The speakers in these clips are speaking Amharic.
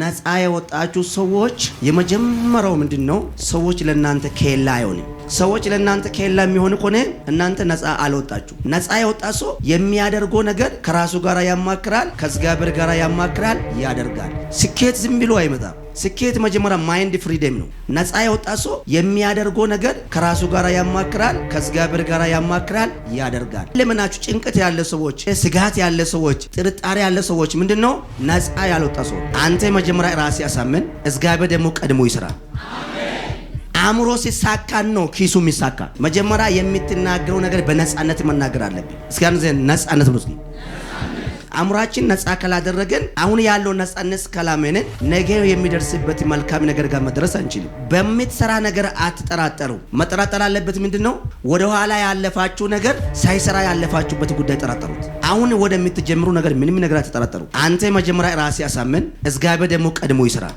ነፃ የወጣችሁ ሰዎች የመጀመሪያው ምንድን ነው? ሰዎች ለእናንተ ኬላ አይሆንም። ሰዎች ለእናንተ ከሌላ የሚሆን ከሆነ እናንተ ነፃ አልወጣችሁ። ነፃ የወጣ ሰው የሚያደርገው ነገር ከራሱ ጋር ያማክራል፣ ከእግዚአብሔር ጋር ያማክራል፣ ያደርጋል። ስኬት ዝም ብሎ አይመጣም። ስኬት መጀመሪያ ማይንድ ፍሪደም ነው። ነፃ የወጣ ሰው የሚያደርገው ነገር ከራሱ ጋር ያማክራል፣ ከእግዚአብሔር ጋር ያማክራል፣ ያደርጋል። ለምናችሁ ጭንቀት ያለ ሰዎች፣ ስጋት ያለ ሰዎች፣ ጥርጣሬ ያለ ሰዎች ምንድን ነው ነፃ ያልወጣ ሰው አንተ መጀመሪያ ራሴ ያሳምን፣ እግዚአብሔር ደግሞ ቀድሞ ይሰራል። አእምሮ ሲሳካን ነው ኪሱ የሚሳካ። መጀመሪያ የምትናገረው ነገር በነፃነት መናገር አለብን። እስኪ ነፃነት ብሎ አእምሯችን ነፃ ካላደረገን አሁን ያለው ነፃነት ካላመን ነገ የሚደርስበት መልካም ነገር ጋር መድረስ አንችልም። በምትሰራ ነገር አትጠራጠሩ። መጠራጠር አለበት ምንድን ነው? ወደኋላ ያለፋችሁ ነገር ሳይሰራ ያለፋችሁበት ጉዳይ ጠራጠሩት። አሁን ወደምትጀምሩ ነገር ምንም ነገር አትጠራጠሩ። አንተ መጀመሪያ ራሴ ያሳምን፣ እግዚአብሔር ደግሞ ቀድሞ ይሰራል።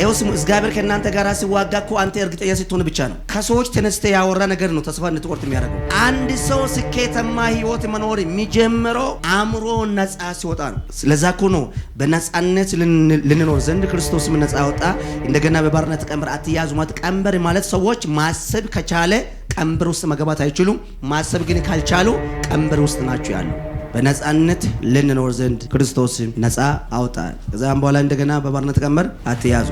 ይኸው ስሙ። እግዚአብሔር ከእናንተ ጋር ሲዋጋ እኮ አንተ እርግጠኛ ስትሆን ብቻ ነው። ከሰዎች ተነስተ ያወራ ነገር ነው ተስፋ እንድትቆርጥ የሚያደርገው። አንድ ሰው ስኬታማ ህይወት መኖር የሚጀምረው አእምሮ ነጻ ሲወጣ ነው። ስለዛ እኮ ነው በነጻነት ልንኖር ዘንድ ክርስቶስም ነጻ ወጣ። እንደገና በባርነት ቀንበር አትያዙ ማለት ቀንበር ማለት ሰዎች ማሰብ ከቻለ ቀንበር ውስጥ መገባት አይችሉም። ማሰብ ግን ካልቻሉ ቀንበር ውስጥ ናቸው ያሉ። በነፃነት ልንኖር ዘንድ ክርስቶስ ነፃ አውጣ። ከዛም በኋላ እንደገና በባርነት ቀንበር አትያዙ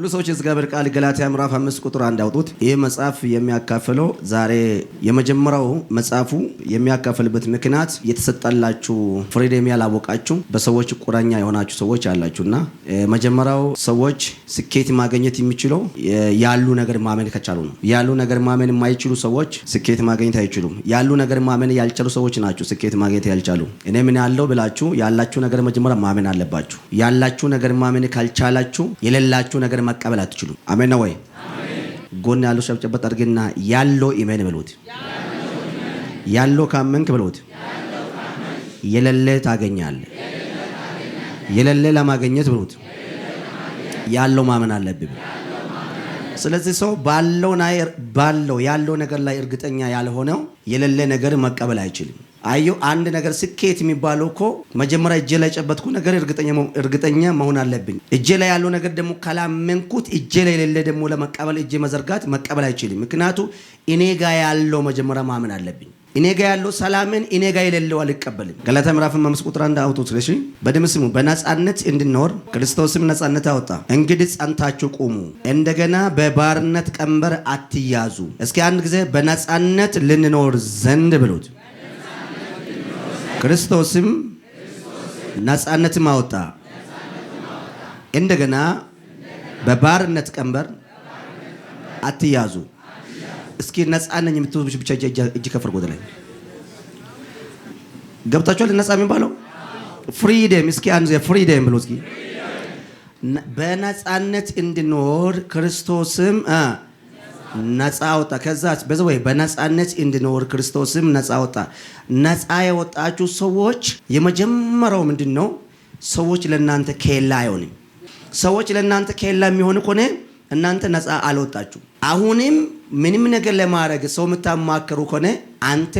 ሁሉ ሰዎች የእግዚአብሔር ቃል ገላትያ ምዕራፍ አምስት ቁጥር አንድ አውጡት። ይህ መጽሐፍ የሚያካፍለው ዛሬ የመጀመሪያው መጽሐፉ የሚያካፍልበት ምክንያት የተሰጠላችሁ ፍሬዴም ያላወቃችሁ በሰዎች ቁረኛ የሆናችሁ ሰዎች አላችሁ እና መጀመሪያው ሰዎች ስኬት ማግኘት የሚችለው ያሉ ነገር ማመን ከቻሉ ነው። ያሉ ነገር ማመን የማይችሉ ሰዎች ስኬት ማግኘት አይችሉም። ያሉ ነገር ማመን ያልቻሉ ሰዎች ናቸው ስኬት ማግኘት ያልቻሉ። እኔ ምን ያለው ብላችሁ ያላችሁ ነገር መጀመሪያ ማመን አለባችሁ። ያላችሁ ነገር ማመን ካልቻላችሁ የሌላችሁ ነገር መቀበል አትችሉ። አሜን ነው ወይ? ጎን ያለው ጨብጨበት አድርጌና ያለው ኢሜን ብሎት ያለው ካመንክ ብሎት የለለ ታገኛለ። የለለ ለማገኘት ብሎት ያለው ማመን አለብን። ስለዚህ ሰው ባለው ያለው ነገር ላይ እርግጠኛ ያልሆነው የለለ ነገር መቀበል አይችልም። አየሁ አንድ ነገር ስኬት የሚባለው እኮ መጀመሪያ እጄ ላይ ጨበጥኩ ነገር እርግጠኛ መሆን አለብኝ። እጄ ላይ ያለው ነገር ደግሞ ካላመንኩት እጄ ላይ የሌለ ደግሞ ለመቀበል እጄ መዘርጋት መቀበል አይችልም። ምክንያቱ እኔ ጋ ያለው መጀመሪያ ማመን አለብኝ። እኔ ጋ ያለው ሰላምን እኔ ጋ የሌለው አልቀበልም። ገላታ ምዕራፍ አምስት ቁጥር አንድ አውቶ ስለሽ በደም ስሙ በነፃነት እንድንኖር ክርስቶስም ነፃነት አወጣ። እንግዲህ ጸንታችሁ ቁሙ፣ እንደገና በባርነት ቀንበር አትያዙ። እስኪ አንድ ጊዜ በነፃነት ልንኖር ዘንድ ብሉት ክርስቶስም ነፃነትም አወጣ። እንደገና በባርነት ቀንበር አትያዙ። እስኪ ነፃ ነኝ የምትሉ ብቻ እጅ ከፍር ጎደ ላይ ገብታችኋል። ነፃ የሚባለው ፍሪደም። እስኪ አንድ ፍሪደም ብሎ እስኪ በነፃነት እንድኖር ክርስቶስም ነፃ ወጣ። ከዛ በዘወይ በነፃነት እንድኖር ክርስቶስም ነፃ ወጣ። ነፃ የወጣችሁ ሰዎች የመጀመሪያው ምንድን ነው? ሰዎች ለእናንተ ኬላ አይሆንም። ሰዎች ለእናንተ ኬላ የሚሆን ከሆነ እናንተ ነፃ አልወጣችሁ። አሁንም ምንም ነገር ለማድረግ ሰው የምታማክሩ ከሆነ አንተ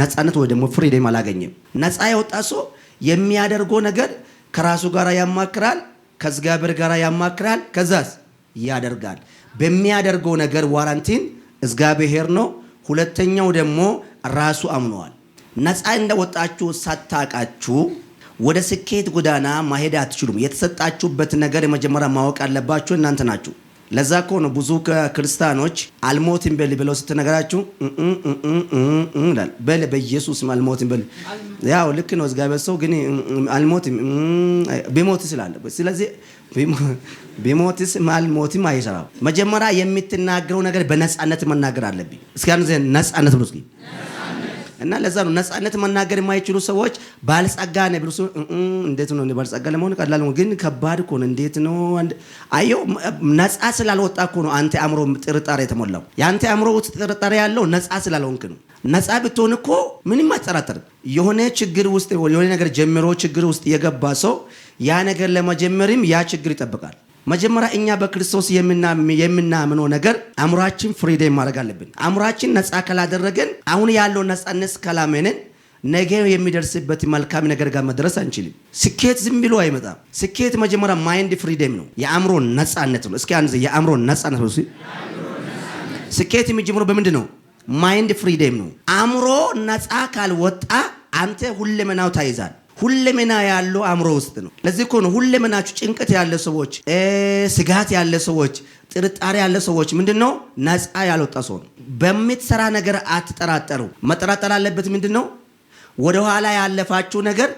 ነፃነት ወይ ደግሞ ፍሪደም አላገኘም። ነፃ የወጣ ሰው የሚያደርገው ነገር ከራሱ ጋር ያማክራል፣ ከእግዚአብሔር ጋር ያማክራል፣ ከዛስ ያደርጋል። በሚያደርገው ነገር ዋራንቲን እግዚአብሔር ነው። ሁለተኛው ደግሞ ራሱ አምነዋል። ነፃ እንደወጣችሁ ሳታቃችሁ ወደ ስኬት ጎዳና ማሄድ አትችሉም። የተሰጣችሁበት ነገር የመጀመሪያ ማወቅ አለባችሁ እናንተ ናችሁ። ለዛ እኮ ነው ብዙ ክርስቲያኖች አልሞትም በል ብለው ስትነገራችሁ በል በኢየሱስ አልሞትም በል። ያው ልክ ነው እግዚአብሔር ሰው ግን አልሞትም ቢሞት ስላለ ስለዚህ ቢሞትስ ማልሞትም አይሰራው። መጀመሪያ የምትናገረው ነገር በነፃነት መናገር አለብኝ። እስኪ ነፃነት ብሎ እና ለዛ ነው ነፃነት መናገር የማይችሉ ሰዎች ባልጸጋ ነ ብሎ እንዴት ነው ባልጸጋ ለመሆን ቀላል ግን ከባድ እኮ ነው። እንዴት ነው አየው፣ ነፃ ስላልወጣ እኮ ነው አንተ አእምሮ ጥርጣሬ የተሞላው። የአንተ አእምሮ ውስጥ ጥርጣሬ ያለው ነፃ ስላልሆንክ ነው። ነፃ ብትሆን እኮ ምንም አጠራጠርም። የሆነ ችግር ውስጥ የሆነ ነገር ጀምሮ ችግር ውስጥ የገባ ሰው ያ ነገር ለመጀመርም ያ ችግር ይጠብቃል። መጀመሪያ እኛ በክርስቶስ የምናምነው ነገር አእምሯችን ፍሪዴ ማድረግ አለብን። አእምሯችን ነፃ ካላደረገን አሁን ያለው ነፃነት ካላመንን ነገ የሚደርስበት መልካም ነገር ጋር መድረስ አንችልም። ስኬት ዝም ብሎ አይመጣም። ስኬት መጀመሪያ ማይንድ ፍሪደም ነው፣ የአእምሮ ነፃነት ነው። እስኪ አንድ የአእምሮ ነፃነት ነው። ስኬት የሚጀምረው በምንድ ነው? ማይንድ ፍሪደም ነው። አእምሮ ነፃ ካልወጣ አንተ ሁለመናው ታይዛል። ሁለመና ያለው አእምሮ ውስጥ ነው። ለዚህ እኮ ነው ሁለመናችሁ ጭንቀት ያለ ሰዎች፣ ስጋት ያለ ሰዎች፣ ጥርጣሬ ያለ ሰዎች ምንድን ነው ነፃ ያልወጣ ሰው ነው። በምትሰራ ነገር አትጠራጠሩ። መጠራጠር አለበት ምንድን ነው ወደኋላ ያለፋችሁ ነገር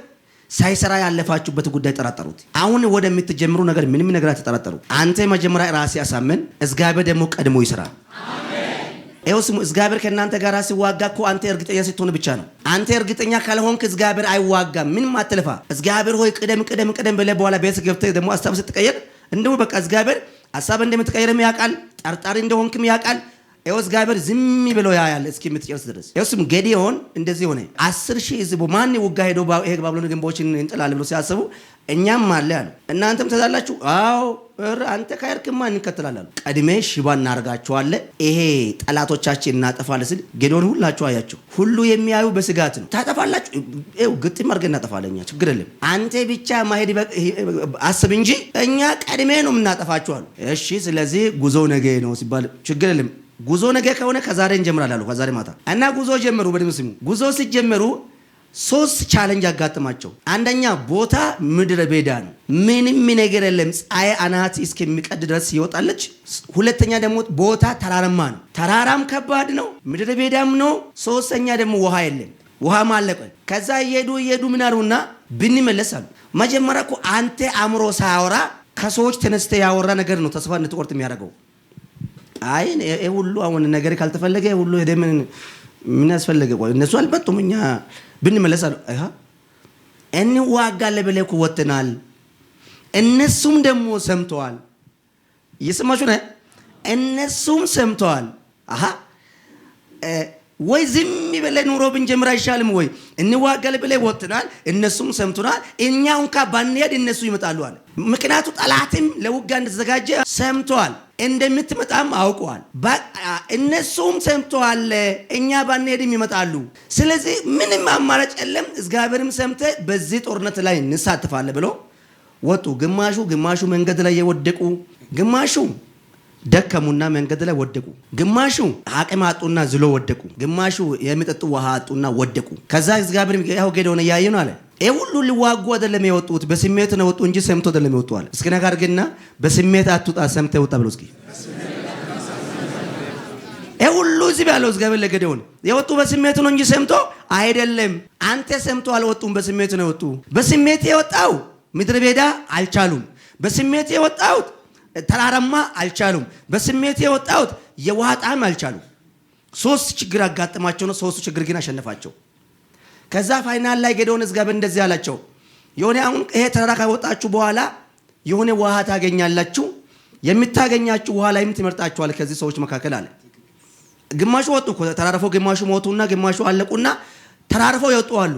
ሳይሰራ ያለፋችሁበት ጉዳይ ጠራጠሩት። አሁን ወደምትጀምሩ ነገር ምንም ነገር አትጠራጠሩ። አንተ መጀመሪያ ራሴ አሳምን፣ እግዚአብሔር ደግሞ ቀድሞ ይሰራል። ይኸው ስሙ። እግዚአብሔር ከእናንተ ጋር ሲዋጋ እኮ አንተ እርግጠኛ ስትሆን ብቻ ነው። አንተ እርግጠኛ ካልሆንክ እግዚአብሔር አይዋጋም። ምንም አትልፋ። እግዚአብሔር ሆይ ቅደም ቅደም ቅደም ብለህ በኋላ ቤት ገብተህ ደግሞ ሀሳብ ስትቀየር እንደው በቃ እግዚአብሔር ሀሳብ እንደምትቀየርም ያውቃል። ጠርጣሪ እንደሆንክም ያውቃል። ኤውስ ጋበር ዝም ብሎ ያያል እስኪ የምትጨርስ ድረስ። ኤውስም ጌዲዮን እንደዚህ ሆነ። አስር ሺህ ህዝቡ ማን ውጋ ሄዶ ይሄ ባብሎን ግንቦችን እንጥላል ብሎ ሲያስቡ እኛም አለ ያሉ እናንተም ትዛላችሁ። አዎ አንተ ካሄድክማ እንከተላለን። ቀድሜ ሽባ እናደርጋችኋለን። ይሄ ጠላቶቻችን እናጠፋለ ስል ጌዲዮን ሁላችሁ አያችሁ። ሁሉ የሚያዩ በስጋት ነው። ታጠፋላችሁ። ይኸው ግጥም አድርገን እናጠፋለን። እኛ ችግር የለም አንተ ብቻ ማሄድ አስብ እንጂ እኛ ቀድሜ ነው የምናጠፋችኋል። እሺ ስለዚህ ጉዞ ነገ ነው ሲባል ችግር የለም ጉዞ ነገ ከሆነ ከዛሬ እንጀምራለን አሉ። ከዛሬ ማታ እና ጉዞ ጀመሩ። በደም ስሙ ጉዞ ሲጀመሩ ሶስት ቻለንጅ አጋጥማቸው። አንደኛ ቦታ ምድረ በዳ ነው፣ ምንም ነገር የለም፣ ፀሐይ አናት እስከሚቀድ ድረስ ይወጣለች። ሁለተኛ ደግሞ ቦታ ተራራማ ነው፣ ተራራም ከባድ ነው፣ ምድረ በዳም ነው። ሶስተኛ ደግሞ ውሃ የለም፣ ውሃም አለቀ። ከዛ እየሄዱ እየሄዱ ምን አሉና ብንመለስ አሉ። መጀመሪያ እኮ አንተ አእምሮ ሳያወራ ከሰዎች ተነስተ ያወራ ነገር ነው ተስፋ እንድትቆርጥ የሚያደርገው አይ ሁሉ አሁን ነገር ካልተፈለገ ሁሉ ሄደ ምን ምን ያስፈለገ? ቆይ እነሱ አልመጡም፣ እኛ ብንመለስ አሉ እንዋጋለን ብለህ እኮ ወጥተናል። እነሱም ደግሞ ሰምተዋል። እየሰማችሁ እነሱም ሰምተዋል። አሀ ወይ ዝም ብለህ ኑሮ ብንጀምር አይሻልም ወይ? እንዋጋለን ብለህ ወጥተናል፣ እነሱም እኛ እንኳ ባንሄድ እነሱ ይመጣሉ አለ። ምክንያቱ ጠላትም ለውጋ እንደተዘጋጀ ሰምተዋል። እንደምትመጣም አውቀዋል። እነሱም ሰምተዋል። እኛ ባንሄድም ይመጣሉ። ስለዚህ ምንም አማራጭ የለም። እግዚአብሔርም ሰምተ በዚህ ጦርነት ላይ እንሳተፋለን ብሎ ወጡ። ግማሹ ግማሹ መንገድ ላይ የወደቁ ግማሹ ደከሙና መንገድ ላይ ወደቁ። ግማሹ አቅም አጡና ዝሎ ወደቁ። ግማሹ የሚጠጡ ውሃ አጡና ወደቁ። ከዛ እግዚአብሔር ያው ጌዶን እያየ ነው አለ። ይህ ሁሉ ሊዋጉ አይደለም የወጡት፣ በስሜት ነው ወጡ እንጂ ሰምቶ አይደለም የወጡ አለ። እስኪ ነገር ግና በስሜት አትውጣ ሰምተህ ወጣ ብሎ እስኪ ይህ ሁሉ ህዝብ ያለው እግዚአብሔር ለጌዶን የወጡ በስሜት ነው እንጂ ሰምቶ አይደለም። አንተ ሰምቶ አልወጡም፣ በስሜት ነው የወጡ። በስሜት የወጣው ምድረ በዳ አልቻሉም። በስሜት የወጣሁት ተራራማ አልቻሉም። በስሜት የወጣሁት የውሃ ጣዕም አልቻሉም። ሶስት ችግር አጋጠማቸው ነው። ሶስቱ ችግር ግን አሸነፋቸው። ከዛ ፋይናል ላይ ጌዴዎን እግዚአብሔር እንደዚህ አላቸው፣ የሆነ አሁን ይሄ ተራራ ካወጣችሁ በኋላ የሆነ ውሃ ታገኛላችሁ። የምታገኛችሁ ውሃ ላይም ትመርጣችኋል ከዚህ ሰዎች መካከል አለ። ግማሹ ወጡ ተራርፈው፣ ግማሹ ሞቱና ግማሹ አለቁና ተራርፈው የወጡ አሉ።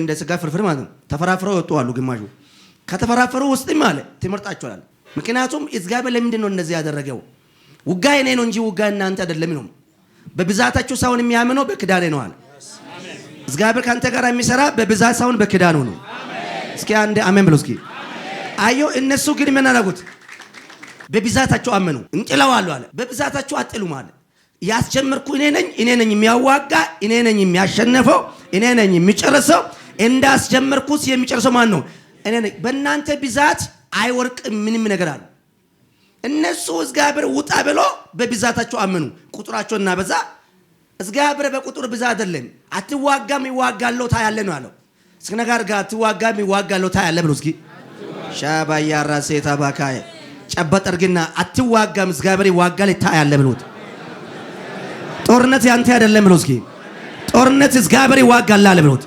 እንደ ስጋ ፍርፍር ማለት ነው። ተፈራፍረው የወጡ አሉ። ግማሹ ከተፈራፈሩ ውስጥም አለ ትመርጣችኋል ምክንያቱም እግዚአብሔር ለምንድን ነው እነዚህ ያደረገው? ውጋ የኔ ነው እንጂ ውጋ እናንተ አይደለም ነው። በብዛታችሁ ሳይሆን የሚያምነው በክዳኔ ነው አለ። እግዚአብሔር ካንተ ጋር የሚሰራ በብዛት ሳይሆን በክዳኑ ነው። እስኪ አንድ አሜን ብሎ እስኪ አዮ። እነሱ ግን ምን አደረጉት? በብዛታቸው አመኑ። እንጥለዋለሁ አለ። በብዛታቸው አጥሉም አለ። ያስጀመርኩ እኔ ነኝ፣ እኔ ነኝ የሚያዋጋ፣ እኔ ነኝ የሚያሸነፈው፣ እኔ ነኝ የሚጨርሰው። እንዳስጀመርኩት የሚጨርሰው ማን ነው? እኔ ነኝ። በእናንተ ብዛት አይወርቅም ምንም ነገር አሉ። እነሱ እግዚአብሔር ውጣ ብሎ በብዛታቸው አመኑ። ቁጥራቸው እና በዛ እግዚአብሔር በቁጥር ብዛ አይደለም። አትዋጋም ይዋጋለው ታያለ ነው አለው። እስከ ነገር ጋር አትዋጋም ይዋጋለው ታያለ ብሎ እስኪ ሻባያ ራሴ ታባካይ ጨበጥ አድርግና አትዋጋም እግዚአብሔር ይዋጋል ታያለ ብሎት ጦርነት ያንተ አይደለም ብሎ እስኪ ጦርነት እግዚአብሔር ይዋጋል አለ ብሎት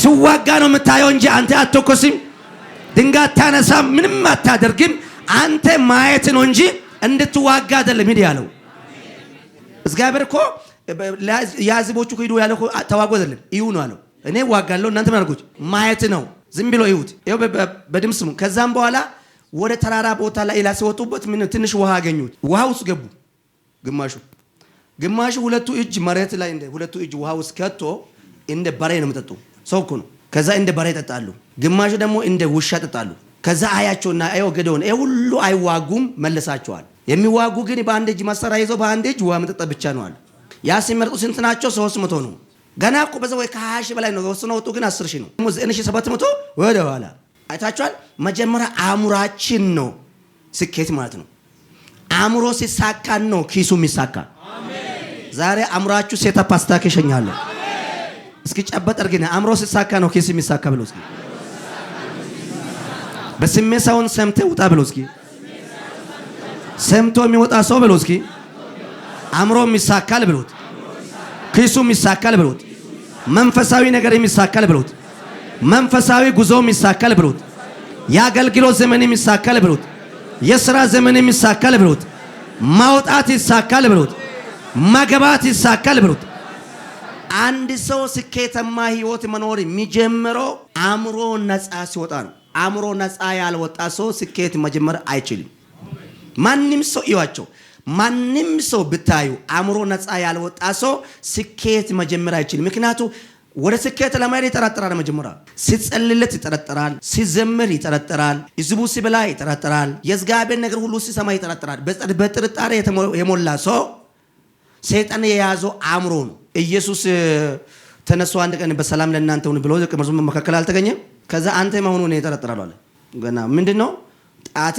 ሲዋጋ ነው የምታየው እንጂ አንተ አትተኮስም። ድንጋይ አታነሳም፣ ምንም አታደርግም። አንተ ማየት ነው እንጂ እንድትዋጋ አይደለም። ሂድ ያለው እግዚአብሔር እኮ የህዝቦቹ ሂዱ ያለ ተዋጎ አይደለም፣ እዩ ነው ያለው። እኔ ዋጋለሁ፣ እናንተ ምን አድርጎች ማየት ነው። ዝም ብሎ ይሁት ይው በድምፅ ስሙ። ከዛም በኋላ ወደ ተራራ ቦታ ላይ ላ ሲወጡበት ምን ትንሽ ውሃ አገኙት። ውሃ ውስጥ ገቡ። ግማሹ ግማሹ ሁለቱ እጅ መሬት ላይ እንደ ሁለቱ እጅ ውሃ ውስጥ ከቶ እንደ በሬ ነው የሚጠጡ ሰው እኮ ነው ከዛ እንደ በሬ ይጠጣሉ፣ ግማሹ ደግሞ እንደ ውሻ ይጠጣሉ። ከዛ አያቸውና አየው ገደውን ሁሉ አይዋጉም፣ መለሳቸዋል። የሚዋጉ ግን በአንድ እጅ መሳሪያ ይዞ በአንድ እጅ ውሃ መጠጣት ብቻ ነው አሉ። ያ ሲመርጡ ስንት ናቸው? ሶስት መቶ ነው። ገና እኮ በዛ ወይ ከሀያ ሺህ በላይ ነው ወስኖ ወጡ፣ ግን አስር ሺህ ነው እሺ፣ ሰባት መቶ ወደ ኋላ አይታችኋል። መጀመሪያ አእምሯችን ነው ስኬት ማለት ነው። አእምሮ ሲሳካን ነው ኪሱ የሚሳካ። ዛሬ አእምሯችሁ ሴታ አስታክ ይሸኛለሁ እስኪጨበጥ እርግና አእምሮ ሲሳካ ነው ኬስ የሚሳካ ብሎ እስኪ በስሜት ሰውን ሰምተህ ውጣ ብሎ እስኪ ሰምቶ የሚወጣ ሰው ብሎ እስኪ አእምሮ የሚሳካል ብሎት ኪሱ የሚሳካል ብሎት መንፈሳዊ ነገር የሚሳካል ብሎት መንፈሳዊ ጉዞ የሚሳካል ብሎት የአገልግሎት ዘመን የሚሳካል ብሎት የሥራ ዘመን የሚሳካል ብሎት ማውጣት ይሳካል ብሎት ማገባት ይሳካል ብሎት አንድ ሰው ስኬታማ ህይወት መኖር የሚጀምረው አእምሮ ነፃ ሲወጣ ነው። አእምሮ ነፃ ያልወጣ ሰው ስኬት መጀመር አይችልም። ማንም ሰው እዩዋቸው፣ ማንም ሰው ብታዩ አእምሮ ነፃ ያልወጣ ሰው ስኬት መጀመር አይችልም። ምክንያቱ ወደ ስኬት ለማሄድ ይጠረጥራል። መጀመሪያ ሲጸልለት ይጠረጥራል፣ ሲዘምር ይጠረጥራል፣ ህዝቡ ሲበላ ይጠረጥራል፣ የዝጋቤን ነገር ሁሉ ሲሰማ ይጠረጥራል። በጥርጣሬ የሞላ ሰው ሰይጣን የያዘው አእምሮ ነው። ኢየሱስ ተነሱ አንድ ቀን በሰላም ለእናንተ ሁን ብሎ ደቀ መዛሙርቱ መካከል አልተገኘም። ከዛ አንተ መሆኑን የጠረጠራሉ አለ። ገና ምንድን ነው ጣት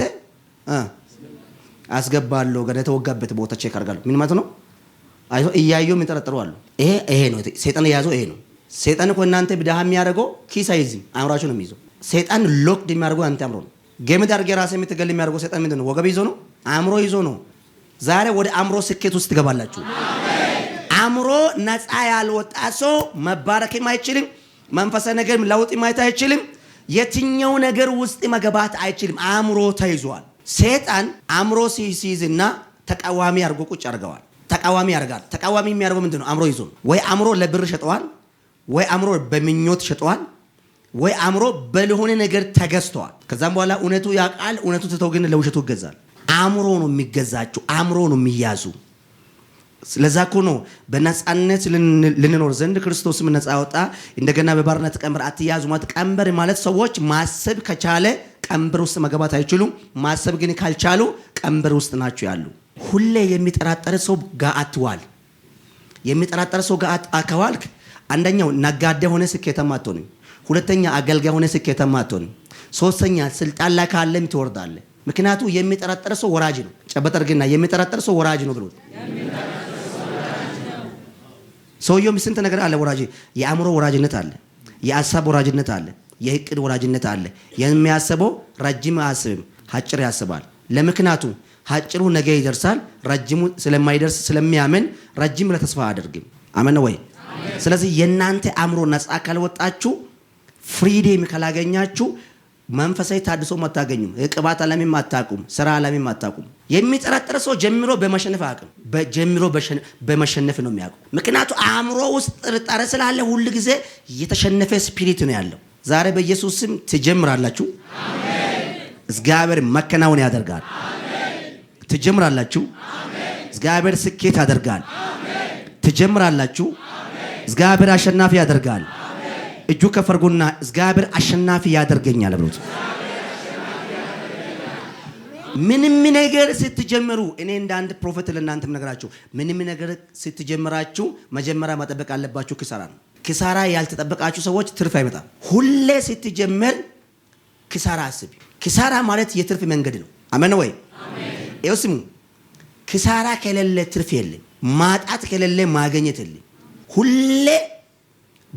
አስገባለሁ ገና የተወጋበት ቦታ ቼክ አድርጋለሁ። ምን ማለት ነው? እያየውም የጠረጠሩ አሉ። ይሄ ይሄ ነው ሰይጣን የያዘው ይሄ ነው። ሰይጣን እኮ እናንተ ብድሃ የሚያደርገው ኪስ አይዝም፣ አእምሯችሁ ነው የሚይዘው። ሰይጣን ሎክድ የሚያደርገው አንተ አእምሮ ነው። ገመድ አድርጌ ራሴ የምትገል የሚያደርገው ሰይጣን ምንድን ነው? ወገብ ይዞ ነው፣ አእምሮ ይዞ ነው። ዛሬ ወደ አእምሮ ስኬት ውስጥ ትገባላችሁ። ከአእምሮ ነፃ ያልወጣ ሰው መባረክም አይችልም። መንፈሰ ነገርም ለውጥ ማየት አይችልም። የትኛው ነገር ውስጥ መግባት አይችልም። አእምሮ ተይዟል። ሴጣን አእምሮ ሲይዝና ተቃዋሚ አድርጎ ቁጭ አድርገዋል። ተቃዋሚ ያደርጋል። ተቃዋሚ የሚያደርገው ምንድን ነው? አእምሮ ይዞ ወይ አእምሮ ለብር ሸጠዋል፣ ወይ አእምሮ በምኞት ሸጠዋል፣ ወይ አእምሮ በልሆነ ነገር ተገዝተዋል። ከዛም በኋላ እውነቱ ያውቃል። እውነቱ ትተው ግን ለውሸቱ ይገዛል። አእምሮ ነው የሚገዛችሁ። አእምሮ ነው የሚያዙ ለዛ እኮ ነው በነፃነት ልንኖር ዘንድ ክርስቶስም ነፃ ያወጣ። እንደገና በባርነት ቀንበር አትያዙ ማለት ቀንበር ማለት ሰዎች ማሰብ ከቻለ ቀንበር ውስጥ መግባት አይችሉም። ማሰብ ግን ካልቻሉ ቀንበር ውስጥ ናቸው ያሉ። ሁሌ የሚጠራጠር ሰው ጋር አትዋል። የሚጠራጠር ሰው ጋር አከዋልክ፣ አንደኛው ነጋዴ ሆነ ስኬታማ አትሆንም። ሁለተኛ አገልጋይ ሆነ ስኬታማ አትሆንም። ሶስተኛ ስልጣን ላይ ካለም ትወርዳለህ። ምክንያቱ የሚጠራጠር ሰው ወራጅ ነው። ጨበጠርግና የሚጠራጠር ሰው ወራጅ ነው ብሎት ሰውየው ስንት ነገር አለ። ወራጅ የአእምሮ ወራጅነት አለ፣ የአሳብ ወራጅነት አለ፣ የእቅድ ወራጅነት አለ። የሚያስበው ረጅም አያስብም፣ አጭር ያስባል። ለምክንያቱ አጭሩ ነገ ይደርሳል፣ ረጅሙ ስለማይደርስ ስለሚያምን ረጅም ለተስፋ አያደርግም። አመነ ወይ? ስለዚህ የእናንተ አእምሮ ነፃ ካልወጣችሁ ፍሪዴም ካላገኛችሁ መንፈሳዊ ታድሶ አታገኙም። ቅባት አለሚም አታቁም። ስራ አለሚም አታቁም። የሚጠረጥር ሰው ጀምሮ በመሸነፍ አያውቅም። ጀምሮ በመሸነፍ ነው የሚያውቀው። ምክንያቱ አእምሮ ውስጥ ጥርጣሬ ስላለ ሁል ጊዜ የተሸነፈ ስፒሪት ነው ያለው። ዛሬ በኢየሱስ ስም ትጀምራላችሁ። እግዚአብሔር መከናወን ያደርጋል። ትጀምራላችሁ። እግዚአብሔር ስኬት ያደርጋል። ትጀምራላችሁ። እግዚአብሔር አሸናፊ ያደርጋል። እጁ ከፈርጎና እግዚአብሔር አሸናፊ ያደርገኛል ብሎት ምንም ነገር ስትጀምሩ እኔ እንደ አንድ ፕሮፌት ለእናንተም ነገራችሁ፣ ምንም ነገር ስትጀምራችሁ መጀመሪያ መጠበቅ አለባችሁ ክሳራ ነው። ክሳራ ያልተጠበቃችሁ ሰዎች ትርፍ አይመጣም። ሁሌ ስትጀምር ክሳራ አስቢ። ክሳራ ማለት የትርፍ መንገድ ነው። አመን ወይ? ይኸው ስሙ፣ ክሳራ ከሌለ ትርፍ የለም ማጣት ከሌለ ማገኘት የለም። ሁሌ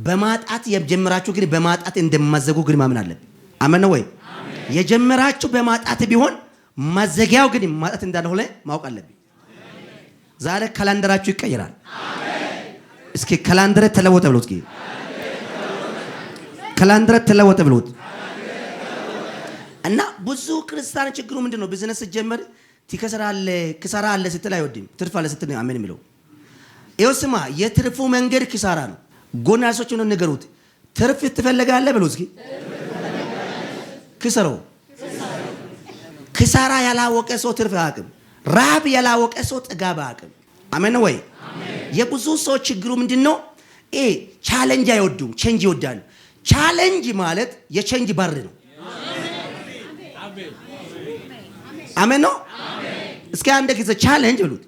በማጣት የጀመራችሁ ግን በማጣት እንደማዘጉ ግን ማመን አለብን። አመን ወይ? የጀመራችሁ በማጣት ቢሆን መዘጊያው ግን ማጣት እንዳልሆነ ማወቅ አለብኝ። ዛሬ ካላንደራችሁ ይቀየራል። እስኪ ካላንደረ ተለወጠ ብሎት እስኪ ካላንደረ ተለወጠ ብሎት እና ብዙ ክርስቲያን ችግሩ ምንድን ነው? ቢዝነስ ጀመር ትከሰራለ ክሳራ አለ ስትል አይወድም፣ ትርፍ አለ ስትል አሜን የሚለው ይኸው። ስማ የትርፉ መንገድ ኪሳራ ነው። ጎና ነው ነገሩት። ትርፍ ትፈልጋለህ ብሎ እስኪ ክሰረው ክሳራ ያላወቀ ሰው ትርፍ አቅም፣ ራብ ያላወቀ ሰው ጥጋብ አቅም። አሜን ወይ? የብዙ ሰው ችግሩ ምንድን ነው? ቻለንጅ አይወዱም፣ ቼንጅ ይወዳሉ። ቻለንጅ ማለት የቼንጅ በር ነው። አሜን ነው። እስኪ አንድ ጊዜ ቻለንጅ ብሉት።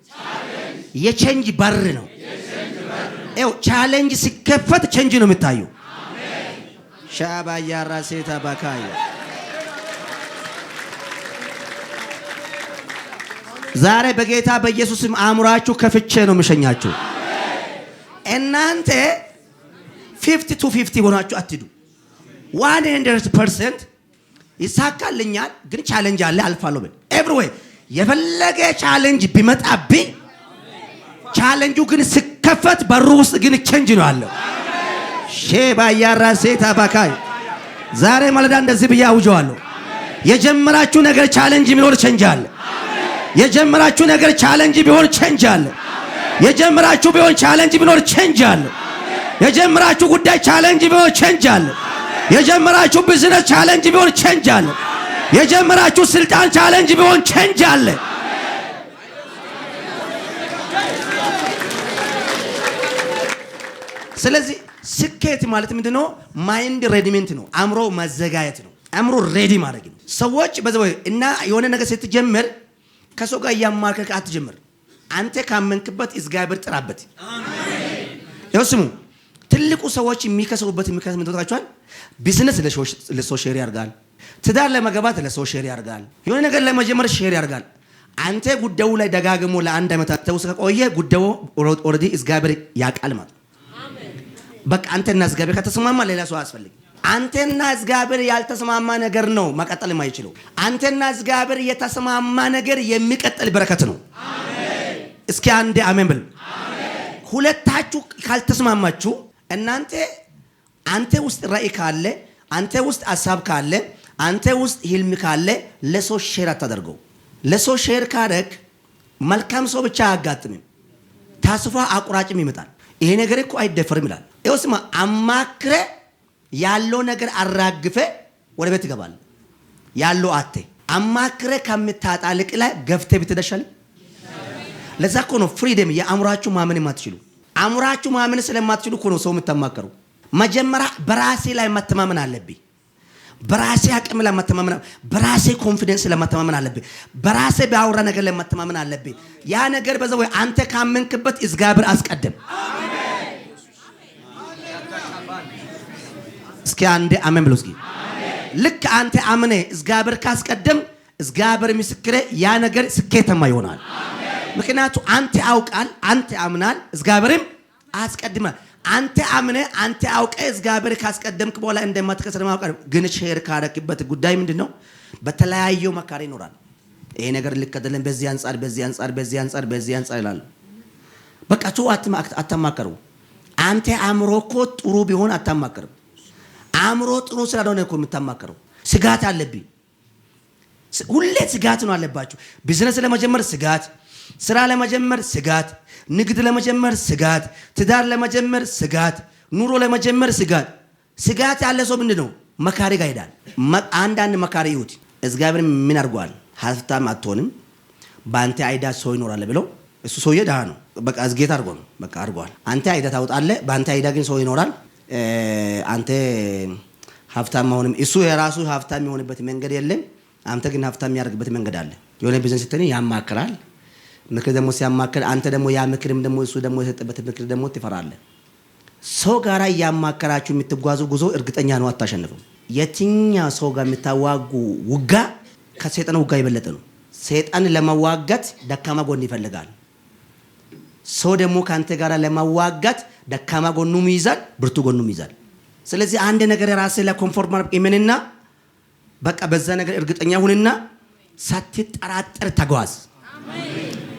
የቼንጅ በር ነው። ይኸው ቻለንጅ ሲከፈት ቼንጅ ነው የምታየው። ሻባያራ ሴታ ባካያ ዛሬ በጌታ በኢየሱስም አእምሯችሁ ከፍቼ ነው የምሸኛችሁ። እናንተ ፊፍቲ ቱ ፊፍቲ ሆናችሁ አትዱ። ዋን ሀንድረድ ፐርሰንት ይሳካልኛል፣ ግን ቻሌንጅ አለ አልፋለሁ ብል ኤቭሪዌይ የፈለገ ቻለንጅ ቢመጣብኝ ቻሌንጁ ግን ስከፈት በሩ ውስጥ ግን ቸንጅ ነው አለው። ሼባ ሴት ታባካይ ዛሬ ማለዳ እንደዚህ ብዬ አውጀዋለሁ። የጀመራችሁ ነገር ቻሌንጅ የሚኖር ቸንጅ አለ። የጀመራችሁ ነገር ቻለንጅ ቢሆን ቼንጅ አለ። የጀመራችሁ ቢሆን ቻለንጅ ቢኖር ቼንጅ አለ። የጀመራችሁ ጉዳይ ቻለንጅ ቢሆን ቼንጅ አለ። የጀመራችሁ ቢዝነስ ቻለንጅ ቢሆን ቼንጅ አለ። የጀመራችሁ ስልጣን ቻለንጅ ቢሆን ቼንጅ አለ። ስለዚህ ስኬት ማለት ምንድን ነው? ማይንድ ሬዲመንት ነው። አእምሮ መዘጋጀት ነው። አእምሮ ሬዲ ማድረግ ነው። ሰዎች በዛ እና የሆነ ነገር ስትጀምር ከሰው ጋር እያማከርክ አትጀምር። አንተ ካመንክበት እግዚአብሔር ጥራበት። ያው ስሙ ትልቁ ሰዎች የሚከሰቡበት የሚከሰ ቢዝነስ ለሰው ሼር ያርጋል። ትዳር ለመገባት ለሰው ሼር ያርጋል። የሆነ ነገር ለመጀመር ሼር ያርጋል። አንተ ጉዳዩ ላይ ደጋግሞ ለአንድ ዓመት አንተ ከቆየ ጉዳዩ ኦልሬዲ እግዚአብሔር ያውቃል ማለት በቃ አንተና እግዚአብሔር ከተስማማ ሌላ ሰው አያስፈልግም። አንተና እግዚአብሔር ያልተስማማ ነገር ነው መቀጠል የማይችለው። አንተና እግዚአብሔር የተስማማ ነገር የሚቀጥል በረከት ነው። እስኪ አንድ አሜን በል። ሁለታችሁ ካልተስማማችሁ እናንተ አንተ ውስጥ ራእይ ካለ፣ አንተ ውስጥ ሀሳብ ካለ፣ አንተ ውስጥ ህልም ካለ ለሰው ሼር አታደርገው። ለሰው ሼር ካረግ መልካም ሰው ብቻ አያጋጥምም፣ ተስፋ አቁራጭም ይመጣል። ይሄ ነገር እኮ አይደፈርም ይላል። ይኸው ስማ አማክረ ያለው ነገር አራግፈ ወደ ቤት ይገባል። ያለው አቴ አማክረ ከምታጣ ልቅ ላይ ገፍተ ብትደሻል። ለዛ እኮ ነው ፍሪደም የአእምሯችሁ ማመን የማትችሉ አእምሯችሁ ማመን ስለማትችሉ እኮ ነው ሰው የምታማከሩ። መጀመሪያ በራሴ ላይ መተማመን አለብኝ። በራሴ አቅም ላይ መተማመን፣ በራሴ ኮንፊደንስ ላይ መተማመን አለብኝ። በራሴ ባወራ ነገር ላይ መተማመን አለብኝ። ያ ነገር በዛ ወይ አንተ ካመንክበት እግዚአብሔር አስቀድም። እስኪ አንዴ አመን ብሎ እስኪ ልክ አንተ አምነ እግዚአብሔር ካስቀደም እግዚአብሔር ምስክሬ ያ ነገር ስኬታማ ይሆናል። ምክንያቱ አንተ አውቃል፣ አንተ አምናል፣ እግዚአብሔርም አስቀድመ አንተ አምነ አንተ አውቀ እግዚአብሔር ካስቀደምክ በኋላ እንደማትከሰር ማውቀር ግን ሼር ካረክበት ጉዳይ ምንድነው? በተለያየ መካሪ ይኖራል። ይሄ ነገር ልክ አይደለም፣ በዚህ አንጻር፣ በዚህ አንጻር፣ በዚህ አንጻር፣ በዚህ አንጻር ይላሉ። በቃ አትማከሩ። አንተ አእምሮ እኮ ጥሩ ቢሆን አታማከርም። አእምሮ ጥሩ ስላልሆነ እኮ የምታማከረው ስጋት አለብኝ። ሁሌ ስጋት ነው አለባችሁ። ቢዝነስ ለመጀመር ስጋት፣ ስራ ለመጀመር ስጋት፣ ንግድ ለመጀመር ስጋት፣ ትዳር ለመጀመር ስጋት፣ ኑሮ ለመጀመር ስጋት። ስጋት ያለ ሰው ምንድን ነው? መካሪ ጋር አንዳንድ መካሪ ይሁት እግዚአብሔር ምን አድርጓል? ሀብታም አትሆንም፣ በአንተ አይዳ ሰው ይኖራል ብለው እሱ ሰውዬ ድሃ ነው። በቃ እዝጌታ አድርጎ ነው በቃ አድርጓል። አንተ አይዳ ታውጣለህ፣ በአንተ አይዳ ግን ሰው ይኖራል አንተ ሀብታም አሁንም እሱ የራሱ ሀብታም የሆንበት መንገድ የለም። አንተ ግን ሀብታም የሚያደርግበት መንገድ አለ። የሆነ ቢዝነስ ስትል ያማክራል። ምክር ደግሞ ሲያማክር አንተ ደግሞ ያ ምክርም ደግሞ እሱ ደግሞ የሰጠበት ምክር ደግሞ ትፈራለ። ሰው ጋራ እያማከራችሁ የምትጓዙ ጉዞ እርግጠኛ ነው አታሸንፉም። የትኛ ሰው ጋር የምታዋጉ ውጋ ከሰይጣን ውጋ የበለጠ ነው። ሰይጣን ለመዋጋት ደካማ ጎን ይፈልጋል። ሰው ደግሞ ከአንተ ጋር ለማዋጋት ደካማ ጎኑም ይይዛል፣ ብርቱ ጎኑም ይይዛል። ስለዚህ አንድ ነገር የራሴ ለኮንፎርት ማድረግ ምንና በቃ በዛ ነገር እርግጠኛ ሁንና ሳትጠራጠር ተጓዝ።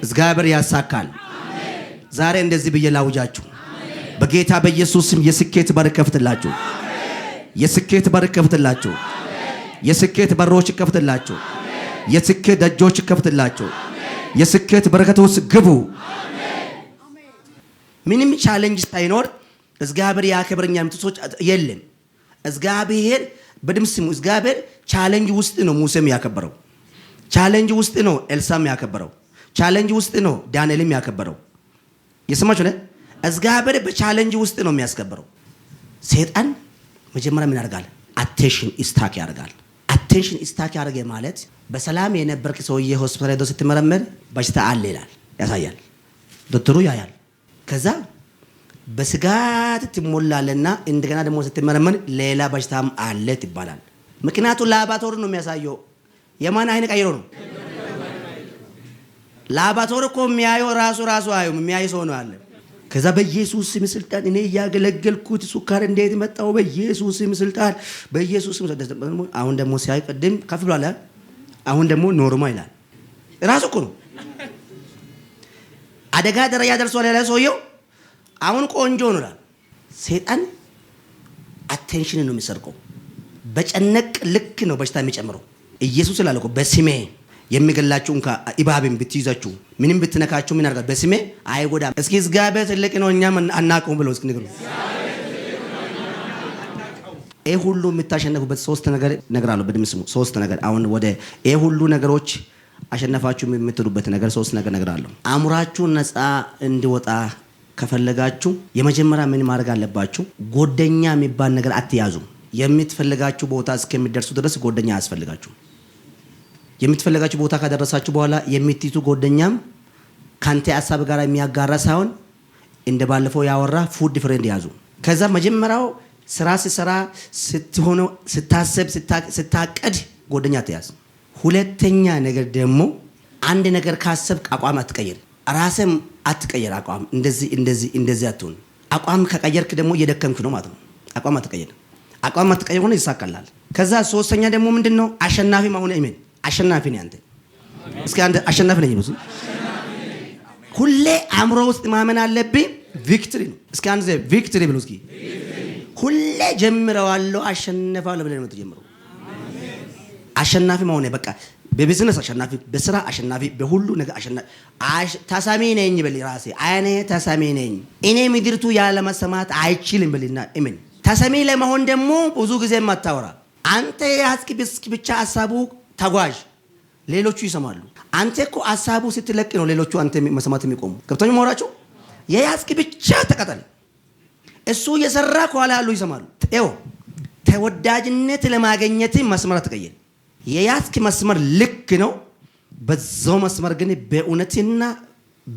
እግዚአብሔር ያሳካል። ዛሬ እንደዚህ ብዬ ላውጃችሁ፣ በጌታ በኢየሱስም የስኬት በር ከፍትላችሁ፣ የስኬት በር ከፍትላችሁ፣ የስኬት በሮች ከፍትላችሁ፣ የስኬት ደጆች ከፍትላችሁ፣ የስኬት በረከቶች ግቡ። ምንም ቻለንጅ ሳይኖር እግዚአብሔር ያከብረኛል ምትሶች የለም። እግዚአብሔር በድምፅ ስሙ። እግዚአብሔር ቻለንጅ ውስጥ ነው ሙሴም ያከበረው። ቻለንጅ ውስጥ ነው ኤልሳም ያከበረው። ቻለንጅ ውስጥ ነው ዳንኤልም ያከበረው። የሰማችሁ ነ እግዚአብሔር በቻለንጅ ውስጥ ነው የሚያስከብረው። ሰይጣን መጀመሪያ ምን ያደርጋል? አቴንሽን ኢስታክ ያደርጋል። አቴንሽን ኢስታክ ያደርገ ማለት በሰላም የነበርክ ሰውዬ ሆስፒታል ሄዶ ስትመረመር በሽታ አለ ይላል፣ ያሳያል። ዶክተሩ ያያል ከዛ በስጋት ትሞላለና እንደገና ደግሞ ስትመረመር ሌላ በሽታም አለ ይባላል። ምክንያቱ ላባቶሪ ነው የሚያሳየው። የማን አይነ ቀይሮ ነው? ላባቶሪ እኮ የሚያየው ራሱ ራሱ አዩ የሚያይ ሰው ነው ያለ። ከዛ በኢየሱስ ስም ስልጣን እኔ እያገለገልኩት ሱካር እንዴት መጣው? በኢየሱስ ስም ስልጣን፣ በኢየሱስ ስም አሁን ደግሞ ሲያይ ቅድም ከፍ ብሏል። አሁን ደግሞ ኖርማ ይላል። ራሱ እኮ ነው አደጋ ደረጃ ደርሶ ያለ ሰውየው አሁን ቆንጆ ኑላል። ሴጣን አቴንሽን ነው የሚሰርቀው። በጨነቅ ልክ ነው በሽታ የሚጨምረው። ኢየሱስ ስላለ በስሜ የሚገላችሁ እንኳ እባብን ብትይዛችሁ ምንም ብትነካችሁ ምን አድርጋል? በስሜ አይጎዳም። እስኪ እግዚአብሔር ትልቅ ነው እኛም አናውቀውም ብለው እስኪ ንገሩ። ይህ ሁሉ የምታሸነፉበት ሶስት ነገር እነግራለሁ። በድምስሙ ሶስት ነገር አሁን ወደ ይህ ሁሉ ነገሮች አሸነፋችሁ የምትሉበት ነገር ሶስት ነገር እነግራለሁ። አእምሯችሁ ነፃ እንዲወጣ ከፈለጋችሁ የመጀመሪያ ምን ማድረግ አለባችሁ? ጎደኛ የሚባል ነገር አትያዙ። የምትፈልጋችሁ ቦታ እስከሚደርሱ ድረስ ጎደኛ አያስፈልጋችሁ። የምትፈልጋችሁ ቦታ ከደረሳችሁ በኋላ የምትይቱ ጎደኛም ከአንተ ሀሳብ ጋር የሚያጋራ ሳይሆን እንደ ባለፈው ያወራ ፉድ ፍሬንድ ያዙ። ከዛ መጀመሪያው ስራ ሲሰራ ስትሆነው ስታሰብ ስታቀድ ጎደኛ ትያዝ። ሁለተኛ ነገር ደግሞ አንድ ነገር ካሰብክ አቋም አትቀይር፣ ራስም አትቀይር። አቋም እንደዚህ እንደዚህ እንደዚህ አትሆን። አቋም ከቀየርክ ደግሞ እየደከምክ ነው ማለት ነው። አቋም አትቀይር። አቋም አትቀይር ሆነ ይሳካላል። ከዛ ሶስተኛ ደግሞ ምንድን ነው አሸናፊ መሆን። አሜን። አሸናፊ ነኝ። አንተ። እስኪ አንተ አሸናፊ ነኝ ብዙ ሁሌ አእምሮ ውስጥ ማመን አለብኝ። ቪክትሪ ነው። እስኪ አንድ ቪክትሪ ብሎ እስኪ ሁሌ ጀምረዋለሁ አሸነፋለሁ ብለህ ነው የምትጀምረው። አሸናፊ መሆን በቃ በቢዝነስ አሸናፊ፣ በስራ አሸናፊ፣ በሁሉ ነገር አሸናፊ። ተሰሚ ነኝ በል ራሴ እኔ ተሰሚ ነኝ። እኔ ምድርቱ ያለ መሰማት አይችልም በልና እምን ተሰሚ ለመሆን ደግሞ ብዙ ጊዜ ማታወራ አንተ የያዝክ ብቻ ሀሳቡ ተጓዥ፣ ሌሎቹ ይሰማሉ። አንተ እኮ ሀሳቡ ስትለቅ ነው ሌሎቹ አንተ መስማት የሚቆሙ ገብቶኝ መራቸው የያዝክ ብቻ ተቀጠል። እሱ የሰራ ከኋላ ያሉ ይሰማሉ። ው ተወዳጅነት ለማገኘት መስመር ተቀየል የያዝክ መስመር ልክ ነው። በዛው መስመር ግን በእውነትና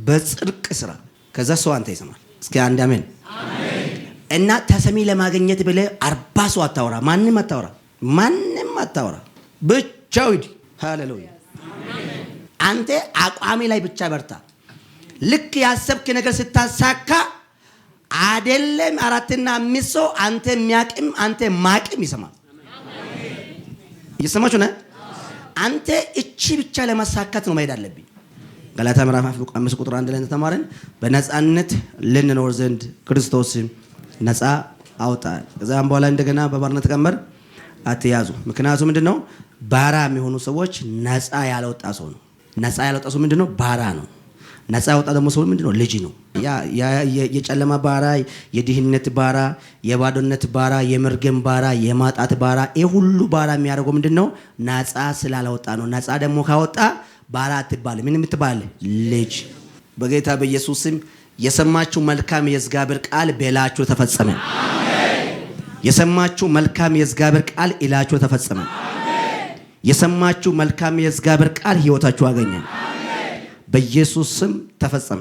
በጽድቅ ስራ ከዛ ሰው አንተ ይሰማል። እስኪ አንድ አሜን። እና ተሰሚ ለማግኘት ብለህ አርባ ሰው አታወራ፣ ማንም አታወራ፣ ማንም አታወራ። ብቻው ሂድ። ሃሌሉያ። አንተ አቋሚ ላይ ብቻ በርታ። ልክ ያሰብክ ነገር ስታሳካ አደለም አራትና አምስት ሰው አንተ የሚያቅም አንተ ማቅም ይሰማል። እየሰማችሁ ነህ? አንተ እቺ ብቻ ለማሳካት ነው መሄድ አለብኝ። ገላታ ምዕራፍ አምስት ቁጥር አንድ ላይ ተማረን። በነፃነት ልንኖር ዘንድ ክርስቶስ ነፃ አውጣ። ከዛም በኋላ እንደገና በባርነት ቀንበር አትያዙ። ምክንያቱም ምንድነው ባራ የሚሆኑ ሰዎች ነፃ ያለወጣ ሰው ነው። ነፃ ያለወጣ ሰው ምንድነው ባራ ነው። ነፃ ያወጣ ደግሞ ሰው ምንድን ነው? ልጅ ነው። የጨለማ ባራ፣ የድህነት ባራ፣ የባዶነት ባራ፣ የመርገም ባራ፣ የማጣት ባራ፣ ይህ ሁሉ ባራ የሚያደርገው ምንድን ነው? ነፃ ስላላወጣ ነው። ነፃ ደግሞ ካወጣ ባራ አትባል፣ ምን የምትባል ልጅ። በጌታ በኢየሱስ ስም የሰማችሁ መልካም የእግዚአብሔር ቃል በላችሁ ተፈጸመ። የሰማችሁ መልካም የእግዚአብሔር ቃል ኢላችሁ ተፈጸመ። የሰማችሁ መልካም የእግዚአብሔር ቃል ህይወታችሁ አገኘ። በኢየሱስ ስም ተፈጸመ።